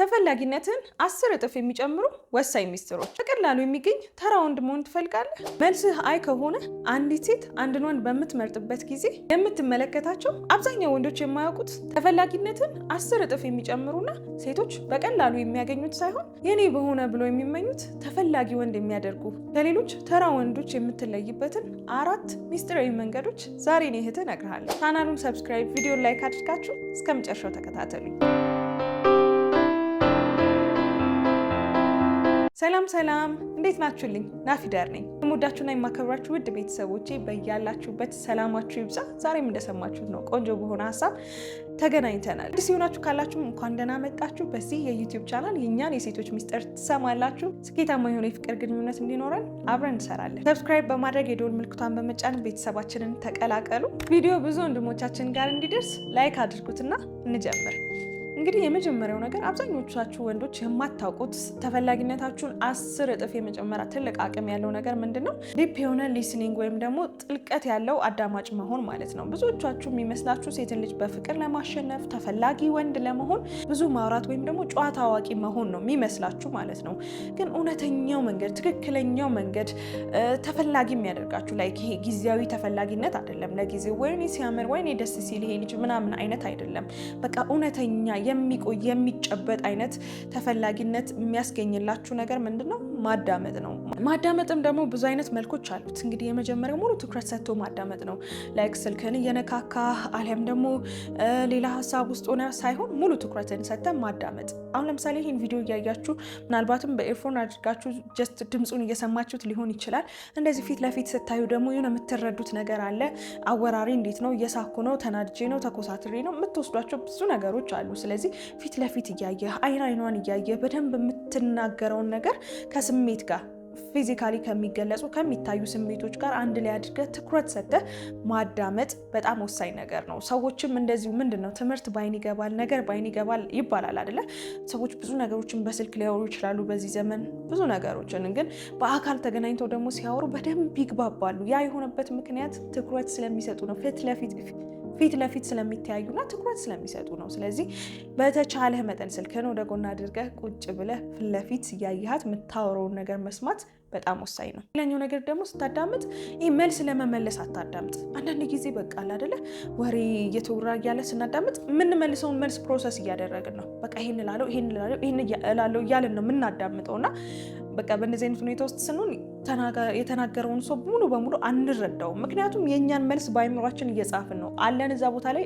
ተፈላጊነትን አስር እጥፍ የሚጨምሩ ወሳኝ ሚስጥሮች። በቀላሉ የሚገኝ ተራ ወንድ መሆን ትፈልጋለህ? መልስህ አይ ከሆነ አንዲት ሴት አንድን ወንድ በምትመርጥበት ጊዜ የምትመለከታቸው አብዛኛው ወንዶች የማያውቁት ተፈላጊነትን አስር እጥፍ የሚጨምሩና ሴቶች በቀላሉ የሚያገኙት ሳይሆን የኔ በሆነ ብሎ የሚመኙት ተፈላጊ ወንድ የሚያደርጉ ከሌሎች ተራ ወንዶች የምትለይበትን አራት ሚስጥራዊ መንገዶች ዛሬ እኔ እነግርሃለሁ። ቻናሉን ሰብስክራይብ፣ ቪዲዮን ላይክ አድርጋችሁ እስከ መጨረሻው ተከታተሉኝ። ሰላም ሰላም፣ እንዴት ናችሁልኝ? ናፊዳር ነኝ። የምወዳችሁና የማከብራችሁ ውድ ቤተሰቦቼ በያላችሁበት ሰላማችሁ ይብዛ። ዛሬም እንደሰማችሁት ነው ቆንጆ በሆነ ሀሳብ ተገናኝተናል። አዲስ የሆናችሁ ካላችሁም እንኳን ደህና መጣችሁ። በዚህ የዩቲዩብ ቻናል የእኛን የሴቶች ሚስጥር ትሰማላችሁ። ስኬታማ የሆነ የፍቅር ግንኙነት እንዲኖረን አብረን እንሰራለን። ሰብስክራይብ በማድረግ የደወል ምልክቷን በመጫን ቤተሰባችንን ተቀላቀሉ። ቪዲዮ ብዙ ወንድሞቻችን ጋር እንዲደርስ ላይክ አድርጉትና እንጀምር። እንግዲህ የመጀመሪያው ነገር አብዛኞቻችሁ ወንዶች የማታውቁት ተፈላጊነታችሁን አስር እጥፍ የመጨመሪያ ትልቅ አቅም ያለው ነገር ምንድን ነው? ዲፕ የሆነ ሊስኒንግ ወይም ደግሞ ጥልቀት ያለው አዳማጭ መሆን ማለት ነው። ብዙዎቻችሁ የሚመስላችሁ ሴትን ልጅ በፍቅር ለማሸነፍ ተፈላጊ ወንድ ለመሆን ብዙ ማውራት ወይም ደግሞ ጨዋታ አዋቂ መሆን ነው የሚመስላችሁ ማለት ነው። ግን እውነተኛው መንገድ፣ ትክክለኛው መንገድ ተፈላጊ የሚያደርጋችሁ ላይ ይሄ ጊዜያዊ ተፈላጊነት አይደለም። ለጊዜው ወይኔ ሲያምር ወይኔ ደስ ሲል ይሄ ልጅ ምናምን አይነት አይደለም። በቃ እውነተኛ የሚቆይ የሚጨበጥ አይነት ተፈላጊነት የሚያስገኝላችሁ ነገር ምንድን ነው? ማዳመጥ ነው። ማዳመጥም ደግሞ ብዙ አይነት መልኮች አሉት። እንግዲህ የመጀመሪያው ሙሉ ትኩረት ሰጥቶ ማዳመጥ ነው። ላይክ ስልክን እየነካካ አሊያም ደግሞ ሌላ ሀሳብ ውስጥ ሆነ ሳይሆን ሙሉ ትኩረትን ሰጥተን ማዳመጥ። አሁን ለምሳሌ ይህን ቪዲዮ እያያችሁ ምናልባትም በኤርፎን አድርጋችሁ ጀስት ድምፁን እየሰማችሁት ሊሆን ይችላል። እንደዚህ ፊት ለፊት ስታዩ ደግሞ የሆነ የምትረዱት ነገር አለ። አወራሪ እንዴት ነው፣ እየሳኩ ነው፣ ተናድጄ ነው፣ ተኮሳትሬ ነው፣ የምትወስዷቸው ብዙ ነገሮች አሉ። ስለዚህ ፊት ለፊት እያየህ አይን አይኗን እያየህ በደንብ የምትናገረውን ነገር ከ ከስሜት ጋር ፊዚካሊ ከሚገለጹ ከሚታዩ ስሜቶች ጋር አንድ ላይ አድርገህ ትኩረት ሰጥተህ ማዳመጥ በጣም ወሳኝ ነገር ነው። ሰዎችም እንደዚሁ ምንድን ነው ትምህርት ባይን ይገባል፣ ነገር ባይን ይገባል ይባላል አይደለ? ሰዎች ብዙ ነገሮችን በስልክ ሊያወሩ ይችላሉ፣ በዚህ ዘመን ብዙ ነገሮችን ግን በአካል ተገናኝተው ደግሞ ሲያወሩ በደንብ ይግባባሉ። ያ የሆነበት ምክንያት ትኩረት ስለሚሰጡ ነው ፊት ለፊት ፊት ለፊት ስለሚተያዩና ትኩረት ስለሚሰጡ ነው። ስለዚህ በተቻለህ መጠን ስልክ ወደ ጎን አድርገህ ቁጭ ብለህ ፊት ለፊት እያየሃት የምታወረውን ነገር መስማት በጣም ወሳኝ ነው። ሌላኛው ነገር ደግሞ ስታዳምጥ ይህ መልስ ለመመለስ አታዳምጥ። አንዳንድ ጊዜ በቃ አይደለ ወሬ እየተወራ እያለ ስናዳምጥ የምንመልሰውን መልስ ፕሮሰስ እያደረግን ነው። በቃ ይህን እላለሁ ይህን እላለሁ ይህን እላለሁ እያልን ነው የምናዳምጠው እና በቃ በእነዚህ አይነት ሁኔታ ውስጥ ስንሆን የተናገረውን ሰው ሙሉ በሙሉ አንረዳውም። ምክንያቱም የእኛን መልስ በአይምሯችን እየጻፍን ነው አለን። እዛ ቦታ ላይ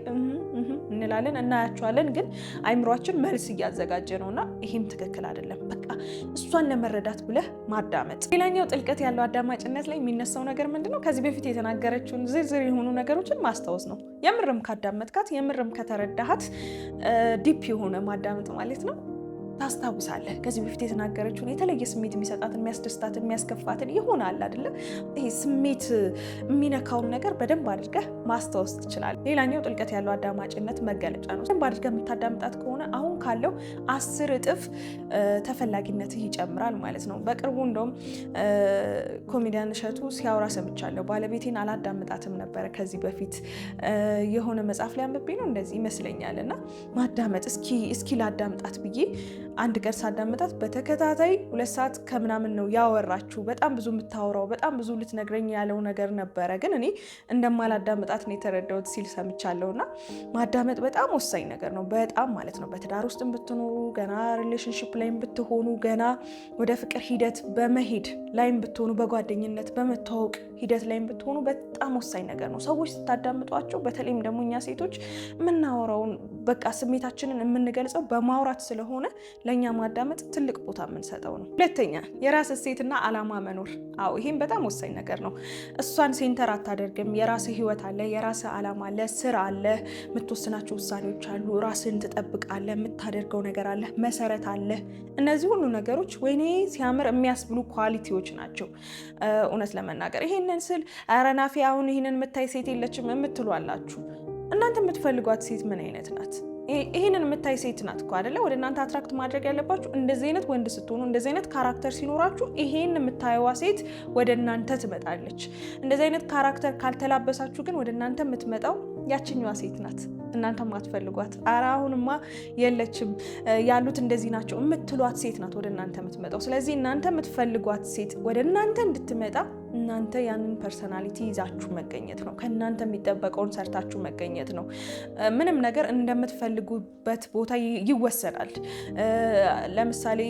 እንላለን፣ እናያቸዋለን፣ ግን አይምሯችን መልስ እያዘጋጀ ነው እና ይህም ትክክል አይደለም። በቃ እሷን ለመረዳት ብለህ ማዳመጥ። ሌላኛው ጥልቀት ያለው አዳማጭነት ላይ የሚነሳው ነገር ምንድን ነው? ከዚህ በፊት የተናገረችውን ዝርዝር የሆኑ ነገሮችን ማስታወስ ነው። የምርም ካዳመጥካት፣ የምርም ከተረዳሃት ዲፕ የሆነ ማዳመጥ ማለት ነው ታስታውሳለህ። ከዚህ በፊት የተናገረችውን የተለየ ስሜት የሚሰጣትን፣ የሚያስደስታትን፣ የሚያስከፋትን የሆነ አለ አይደለ? ይሄ ስሜት የሚነካውን ነገር በደንብ አድርገህ ማስታወስ ትችላለህ። ሌላኛው ጥልቀት ያለው አዳማጭነት መገለጫ ነው። በደንብ አድርገህ የምታዳምጣት ከሆነ አሁን ካለው አስር እጥፍ ተፈላጊነትህ ይጨምራል ማለት ነው። በቅርቡ እንደውም ኮሚዲያን እሸቱ ሲያወራ ሰምቻለሁ። ባለቤቴን አላዳምጣትም ነበረ ከዚህ በፊት የሆነ መጽሐፍ ላይ አንብቤ ነው እንደዚህ ይመስለኛል። እና ማዳመጥ እስኪ እስኪ ላዳምጣት ብዬ አንድ ቀን ሳዳምጣት በተከታታይ ሁለት ሰዓት ከምናምን ነው ያወራችሁ። በጣም ብዙ የምታወራው በጣም ብዙ ልትነግረኝ ያለው ነገር ነበረ፣ ግን እኔ እንደማላዳምጣት ነው የተረዳሁት ሲል ሰምቻለሁ። እና ማዳመጥ በጣም ወሳኝ ነገር ነው። በጣም ማለት ነው በትዳር ውስጥም ብትኖሩ ገና ሪሌሽንሽፕ ላይም ብትሆኑ ገና ወደ ፍቅር ሂደት በመሄድ ላይም ብትሆኑ በጓደኝነት በመተዋወቅ ሂደት ላይም ብትሆኑ በጣም ወሳኝ ነገር ነው። ሰዎች ስታዳምጧቸው፣ በተለይም ደግሞ እኛ ሴቶች የምናወራውን በቃ ስሜታችንን የምንገልጸው በማውራት ስለሆነ ለእኛ ማዳመጥ ትልቅ ቦታ የምንሰጠው ነው። ሁለተኛ የራስ እሴትና አላማ መኖር። አዎ ይህም በጣም ወሳኝ ነገር ነው። እሷን ሴንተር አታደርግም። የራስ ህይወት አለ፣ የራስ አላማ አለ፣ ስር አለ፣ የምትወስናቸው ውሳኔዎች አሉ፣ ራስን ትጠብቃለ፣ የምታደርገው ነገር አለ፣ መሰረት አለ። እነዚህ ሁሉ ነገሮች ወይኔ ሲያምር የሚያስብሉ ኳሊቲዎች ናቸው እውነት ለመናገር ይሄን ይህንን ስል ኧረ ናፊ አሁን ይህንን የምታይ ሴት የለችም የምትሏላችሁ። እናንተ የምትፈልጓት ሴት ምን አይነት ናት? ይህንን የምታይ ሴት ናት እኮ አደለ? ወደ እናንተ አትራክት ማድረግ ያለባችሁ እንደዚህ አይነት ወንድ ስትሆኑ፣ እንደዚህ አይነት ካራክተር ሲኖራችሁ ይሄን የምታየዋ ሴት ወደ እናንተ ትመጣለች። እንደዚህ አይነት ካራክተር ካልተላበሳችሁ ግን ወደ እናንተ የምትመጣው ያችኛዋ ሴት ናት። እናንተ ማትፈልጓት አረ አሁንማ የለችም ያሉት እንደዚህ ናቸው የምትሏት ሴት ናት ወደ እናንተ የምትመጣው። ስለዚህ እናንተ የምትፈልጓት ሴት ወደ እናንተ እንድትመጣ እናንተ ያንን ፐርሰናሊቲ ይዛችሁ መገኘት ነው። ከእናንተ የሚጠበቀውን ሰርታችሁ መገኘት ነው። ምንም ነገር እንደምትፈልጉበት ቦታ ይወሰናል። ለምሳሌ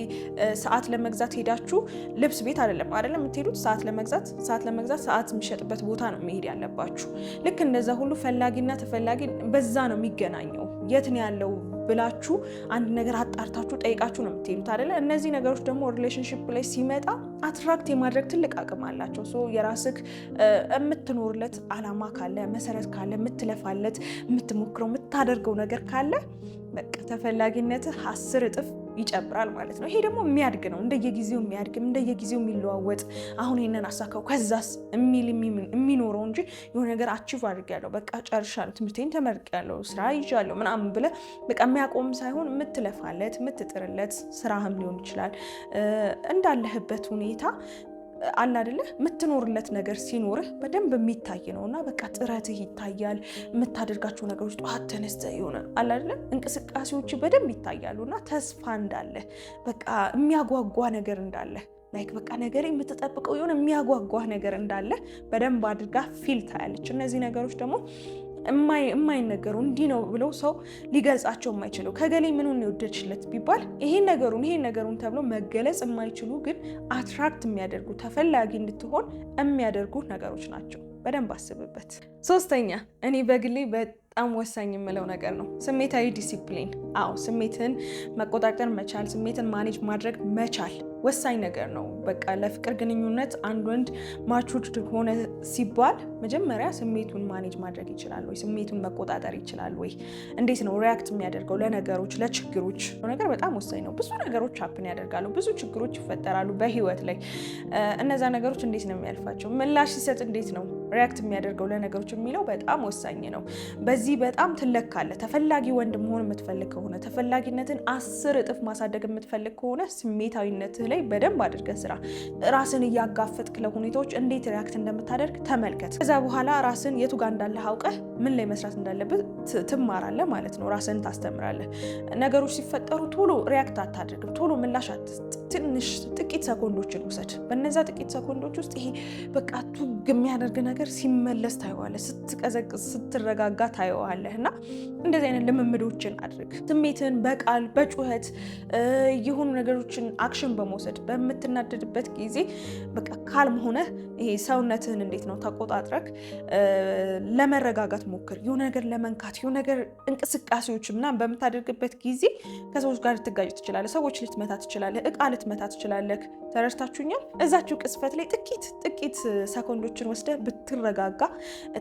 ሰዓት ለመግዛት ሄዳችሁ ልብስ ቤት አይደለም አይደለም የምትሄዱት ሰዓት ለመግዛት ሰዓት ለመግዛት ሰዓት የሚሸጥበት ቦታ ነው መሄድ ያለባችሁ። ልክ እንደዛ ሁሉ ፈላጊና ተፈላጊ በዛ ነው የሚገናኘው። የት ነው ያለው ብላችሁ አንድ ነገር አጣርታችሁ ጠይቃችሁ ነው የምትሄዱት አይደለ? እነዚህ ነገሮች ደግሞ ሪሌሽንሽፕ ላይ ሲመጣ አትራክት የማድረግ ትልቅ አቅም አላቸው። ሶ የራስህ የምትኖርለት አላማ ካለ መሰረት ካለ የምትለፋለት የምትሞክረው የምታደርገው ነገር ካለ በቃ ተፈላጊነትህ አስር እጥፍ ይጨምራል ማለት ነው። ይሄ ደግሞ የሚያድግ ነው፣ እንደየጊዜው የሚያድግም እንደየጊዜው የሚለዋወጥ አሁን ይሄንን አሳካው ከዛስ የሚል የሚኖረው እንጂ የሆነ ነገር አቺቭ አድርጌያለሁ፣ በቃ ጨርሻለሁ፣ ትምህርቴን ተመርቄያለሁ፣ ስራ ይዣለሁ ምናምን ብለ በቃ የሚያቆም ሳይሆን የምትለፋለት የምትጥርለት ስራህም ሊሆን ይችላል እንዳለህበት ሁኔታ አለ አይደለ የምትኖርለት ነገር ሲኖርህ በደንብ የሚታይ ነው እና በቃ ጥረትህ ይታያል። የምታደርጋቸው ነገሮች ጠዋት ተነስተህ የሆነ አለ አይደለ እንቅስቃሴዎች በደንብ ይታያሉ እና ተስፋ እንዳለ በቃ የሚያጓጓ ነገር እንዳለ ላይክ በቃ ነገር የምትጠብቀው የሆነ የሚያጓጓ ነገር እንዳለ በደንብ አድርጋ ፊል ታያለች። እነዚህ ነገሮች ደግሞ የማይነገሩ እንዲህ ነው ብለው ሰው ሊገልጻቸው የማይችለው ከገሌ ምኑን የወደድሽለት ቢባል ይሄን ነገሩን ይሄን ነገሩን ተብሎ መገለጽ የማይችሉ ግን አትራክት የሚያደርጉ ተፈላጊ እንድትሆን የሚያደርጉ ነገሮች ናቸው። በደንብ አስብበት። ሶስተኛ እኔ በግሌ በጣም ወሳኝ የምለው ነገር ነው። ስሜታዊ ዲሲፕሊን። አዎ ስሜትን መቆጣጠር መቻል፣ ስሜትን ማኔጅ ማድረግ መቻል ወሳኝ ነገር ነው። በቃ ለፍቅር ግንኙነት አንድ ወንድ ማቹድ ሆነ ሲባል መጀመሪያ ስሜቱን ማኔጅ ማድረግ ይችላል ወይ? ስሜቱን መቆጣጠር ይችላል ወይ? እንዴት ነው ሪያክት የሚያደርገው ለነገሮች፣ ለችግሮች? ነገር በጣም ወሳኝ ነው። ብዙ ነገሮች ሀፕን ያደርጋሉ፣ ብዙ ችግሮች ይፈጠራሉ በህይወት ላይ። እነዛ ነገሮች እንዴት ነው የሚያልፋቸው? ምላሽ ሲሰጥ እንዴት ነው ሪያክት የሚያደርገው ለነገሮች የሚለው በጣም ወሳኝ ነው። በዚህ በጣም ትለካለ። ተፈላጊ ወንድ መሆን የምትፈልግ ከሆነ ተፈላጊነትን አስር እጥፍ ማሳደግ የምትፈልግ ከሆነ ስሜታዊነትህ ላይ በደንብ አድርገህ ስራ። ራስን እያጋፈጥክ ለሁኔታዎች እንዴት ሪያክት እንደምታደርግ ተመልከት። ከዛ በኋላ ራስን የቱ ጋር እንዳለህ አውቀህ ምን ላይ መስራት እንዳለበት ትማራለህ ማለት ነው። ራስን ታስተምራለህ። ነገሮች ሲፈጠሩ ቶሎ ሪያክት አታደርግም። ቶሎ ምላሽ አትስጥ። ትንሽ ጥቂት ሰኮንዶችን ውሰድ። በነዛ ጥቂት ሰኮንዶች ውስጥ ይሄ በቃ ቱግ የሚያደርግ ነገር ነገር ሲመለስ ታየዋለህ፣ ስትቀዘቅዝ ስትረጋጋ ታየዋለህ። እና እንደዚህ አይነት ልምምዶችን አድርግ። ስሜትን በቃል በጩኸት የሆኑ ነገሮችን አክሽን በመውሰድ በምትናደድበት ጊዜ በቃ ካልም ሆነህ ይሄ ሰውነትህን እንዴት ነው ተቆጣጥረክ ለመረጋጋት ሞክር። የሆነ ነገር ለመንካት የሆነ ነገር እንቅስቃሴዎች ምናምን በምታደርግበት ጊዜ ከሰዎች ጋር ልትጋጭ ትችላለህ። ሰዎች ልትመታ ትችላለህ። እቃ ልትመታ ትችላለህ። ተረድታችሁኛል? እዛችሁ ቅስፈት ላይ ጥቂት ጥቂት ሰኮንዶችን ወስደህ ብት ስትረጋጋ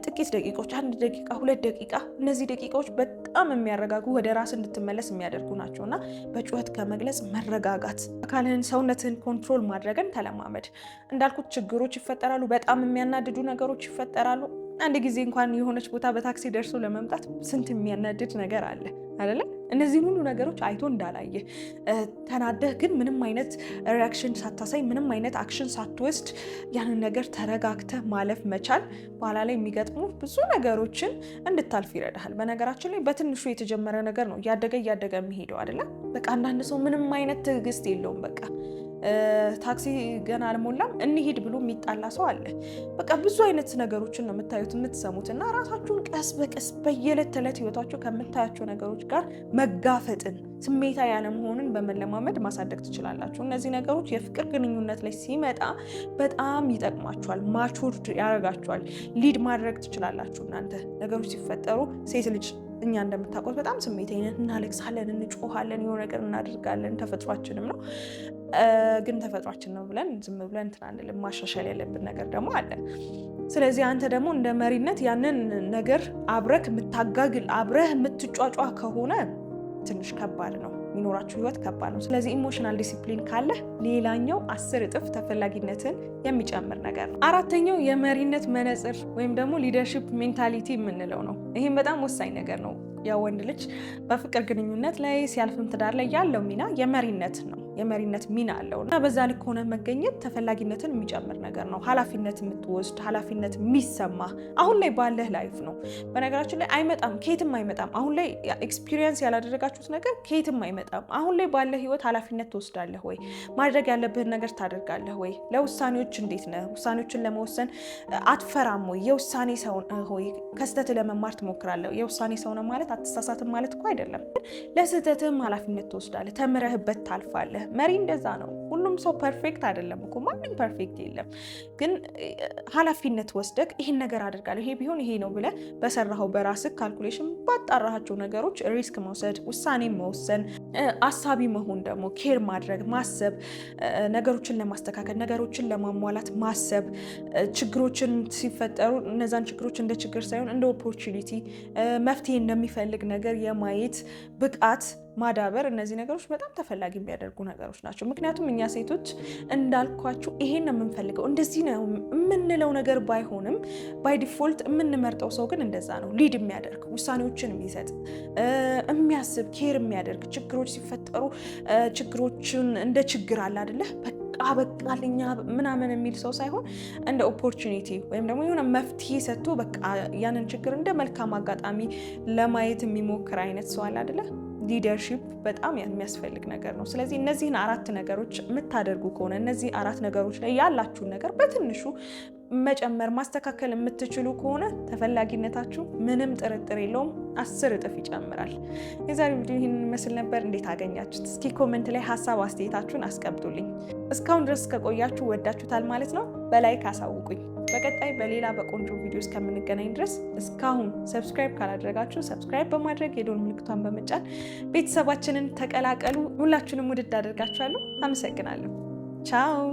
ጥቂት ደቂቃዎች፣ አንድ ደቂቃ፣ ሁለት ደቂቃ፣ እነዚህ ደቂቃዎች በጣም የሚያረጋጉ ወደ ራስ እንድትመለስ የሚያደርጉ ናቸው እና በጩኸት ከመግለጽ መረጋጋት፣ አካልህን ሰውነትህን ኮንትሮል ማድረግን ተለማመድ። እንዳልኩት ችግሮች ይፈጠራሉ፣ በጣም የሚያናድዱ ነገሮች ይፈጠራሉ። አንድ ጊዜ እንኳን የሆነች ቦታ በታክሲ ደርሶ ለመምጣት ስንት የሚያናድድ ነገር አለ አይደለም? እነዚህን ሁሉ ነገሮች አይቶ እንዳላየ ተናደህ ግን ምንም አይነት ሪያክሽን ሳታሳይ ምንም አይነት አክሽን ሳትወስድ ያንን ነገር ተረጋግተህ ማለፍ መቻል በኋላ ላይ የሚገጥሙ ብዙ ነገሮችን እንድታልፍ ይረዳሃል። በነገራችን ላይ በትንሹ የተጀመረ ነገር ነው እያደገ እያደገ የሚሄደው አይደለም። በቃ አንዳንድ ሰው ምንም አይነት ትዕግስት የለውም በቃ ታክሲ ገና አልሞላም እንሄድ ብሎ የሚጣላ ሰው አለ። በቃ ብዙ አይነት ነገሮችን ነው የምታዩት የምትሰሙት፣ እና ራሳችሁን ቀስ በቀስ በየዕለት ተዕለት ህይወታችሁ ከምታያቸው ነገሮች ጋር መጋፈጥን ስሜታዊ ያለመሆንን በመለማመድ ማሳደግ ትችላላችሁ። እነዚህ ነገሮች የፍቅር ግንኙነት ላይ ሲመጣ በጣም ይጠቅማችኋል፣ ማቾርድ ያደርጋችኋል። ሊድ ማድረግ ትችላላችሁ እናንተ ነገሮች ሲፈጠሩ ሴት ልጅ እኛ እንደምታውቀው በጣም ስሜተኛ እናለቅሳለን፣ እንጮሃለን፣ የሆነ ነገር እናደርጋለን። ተፈጥሯችንም ነው ግን ተፈጥሯችን ነው ብለን ዝም ብለን እንትን አንልም። ማሻሻል ያለብን ነገር ደግሞ አለ። ስለዚህ አንተ ደግሞ እንደ መሪነት ያንን ነገር አብረህ የምታጋግል አብረህ የምትጫጫ ከሆነ ትንሽ ከባድ ነው። የሚኖራችሁ ህይወት ከባድ ነው። ስለዚህ ኢሞሽናል ዲሲፕሊን ካለ ሌላኛው አስር እጥፍ ተፈላጊነትን የሚጨምር ነገር ነው። አራተኛው የመሪነት መነጽር ወይም ደግሞ ሊደርሽፕ ሜንታሊቲ የምንለው ነው። ይህም በጣም ወሳኝ ነገር ነው። ወንድ ልጅ በፍቅር ግንኙነት ላይ ሲያልፍም ትዳር ላይ ያለው ሚና የመሪነት ነው። የመሪነት ሚና አለው እና በዛ ልክ ሆነ መገኘት ተፈላጊነትን የሚጨምር ነገር ነው። ኃላፊነት የምትወስድ ኃላፊነት የሚሰማ አሁን ላይ ባለህ ላይፍ ነው። በነገራችን ላይ አይመጣም፣ ከየትም አይመጣም። አሁን ላይ ኤክስፒሪየንስ ያላደረጋችሁት ነገር ከየትም አይመጣም። አሁን ላይ ባለ ህይወት ኃላፊነት ትወስዳለህ ወይ? ማድረግ ያለብህን ነገር ታደርጋለህ ወይ? ለውሳኔዎች እንዴት ነህ? ውሳኔዎችን ለመወሰን አትፈራም ወይ? የውሳኔ ሰው ሆይ ከስህተት ለመማር ትሞክራለህ? የውሳኔ ሰው ነህ ማለት አትሳሳትም ማለት እኮ አይደለም። ለስህተትህም ኃላፊነት ትወስዳለህ፣ ተምረህበት ታልፋለህ። አለ። መሪ እንደዛ ነው። ሁሉም ሰው ፐርፌክት አይደለም እኮ ማንም ፐርፌክት የለም። ግን ኃላፊነት ወስደህ ይህን ነገር አድርጋለሁ ይሄ ቢሆን ይሄ ነው ብለህ በሰራኸው በራስህ ካልኩሌሽን ባጣራሃቸው ነገሮች ሪስክ መውሰድ፣ ውሳኔ መወሰን፣ አሳቢ መሆን ደግሞ ኬር ማድረግ ማሰብ፣ ነገሮችን ለማስተካከል ነገሮችን ለማሟላት ማሰብ፣ ችግሮችን ሲፈጠሩ እነዛን ችግሮች እንደ ችግር ሳይሆን እንደ ኦፖርቹኒቲ መፍትሄ እንደሚፈልግ ነገር የማየት ብቃት ማዳበር እነዚህ ነገሮች በጣም ተፈላጊ የሚያደርጉ ነገሮች ናቸው። ምክንያቱም እኛ ሴቶች እንዳልኳችሁ ይሄን ነው የምንፈልገው፣ እንደዚህ ነው የምንለው ነገር ባይሆንም ባይ ዲፎልት የምንመርጠው ሰው ግን እንደዛ ነው፣ ሊድ የሚያደርግ ውሳኔዎችን የሚሰጥ የሚያስብ ኬር የሚያደርግ ችግሮች ሲፈጠሩ ችግሮችን እንደ ችግር አለ አይደለ በቃ በቃልኛ ምናምን የሚል ሰው ሳይሆን እንደ ኦፖርቹኒቲ ወይም ደግሞ የሆነ መፍትሄ ሰጥቶ በቃ ያንን ችግር እንደ መልካም አጋጣሚ ለማየት የሚሞክር አይነት ሰው አለ አይደለ ሊደርሺፕ በጣም የሚያስፈልግ ነገር ነው። ስለዚህ እነዚህን አራት ነገሮች የምታደርጉ ከሆነ እነዚህ አራት ነገሮች ላይ ያላችሁን ነገር በትንሹ መጨመር ማስተካከል የምትችሉ ከሆነ ተፈላጊነታችሁ ምንም ጥርጥር የለውም አስር እጥፍ ይጨምራል። የዛሬ ቪዲዮ ይህንን ይመስል ነበር። እንዴት አገኛችሁት? እስኪ ኮመንት ላይ ሀሳብ አስተያየታችሁን አስቀምጡልኝ። እስካሁን ድረስ ከቆያችሁ ወዳችሁታል ማለት ነው። በላይክ አሳውቁኝ። በቀጣይ በሌላ በቆንጆ ቪዲዮ እስከምንገናኝ ድረስ እስካሁን ሰብስክራይብ ካላደረጋችሁ ሰብስክራይብ በማድረግ የዶን ምልክቷን በመጫን ቤተሰባችንን ተቀላቀሉ። ሁላችሁንም ውድድ አደርጋችኋለሁ። አመሰግናለሁ። ቻው